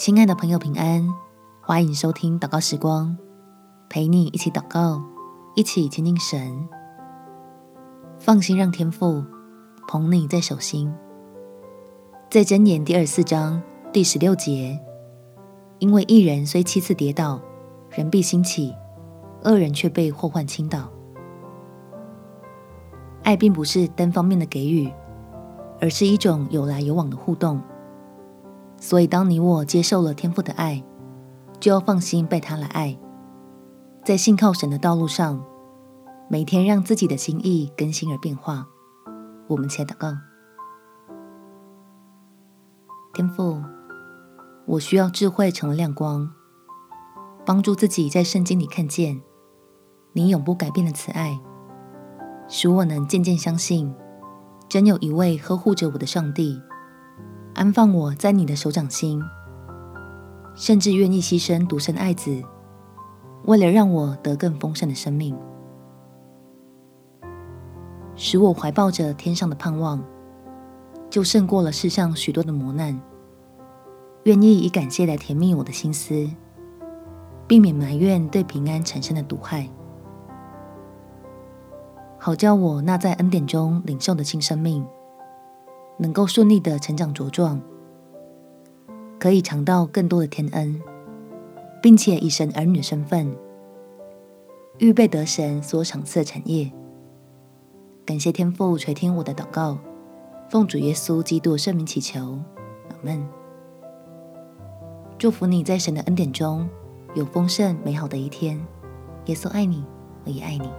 親愛的朋友，平安，歡迎收聽禱告時光，陪你一起禱告，一起親近神，放心讓天父捧你在手心。在箴言第二四章第十六節，因為一人雖七次跌倒，人必興起；惡人卻被禍患傾倒。愛並不是單方面的給予，而是一種有來有往的互動。所以，當你我接受了天父的愛，就要放心被祂來愛，在信靠神的道路上，每天讓自己的心意更新而變化。我們且來禱告，天父，我需要智慧成為亮光，幫助自己在聖經裡看見你永不改變的慈愛，使我能漸漸相信，真有一位呵護着我的上帝。安放我在你的手掌心，甚至願意犧牲獨生愛子，為了讓我得更豐盛的生命，使我懷抱着天上的盼望，就勝過了世上許多的磨難。願意以感謝來甜蜜我的心思，避免埋怨對平安產生的毒害，好叫我那在恩典中領受的新生命。能夠順利的成長茁壯，可以嘗到更多的天恩，並且以神兒女的身份預備得神所賞賜的產業。感謝天父垂聽我的禱告，奉主耶穌基督聖名祈求，阿們。祝福你在神的恩典中有豐盛美好的一天。耶穌愛你，我也愛你。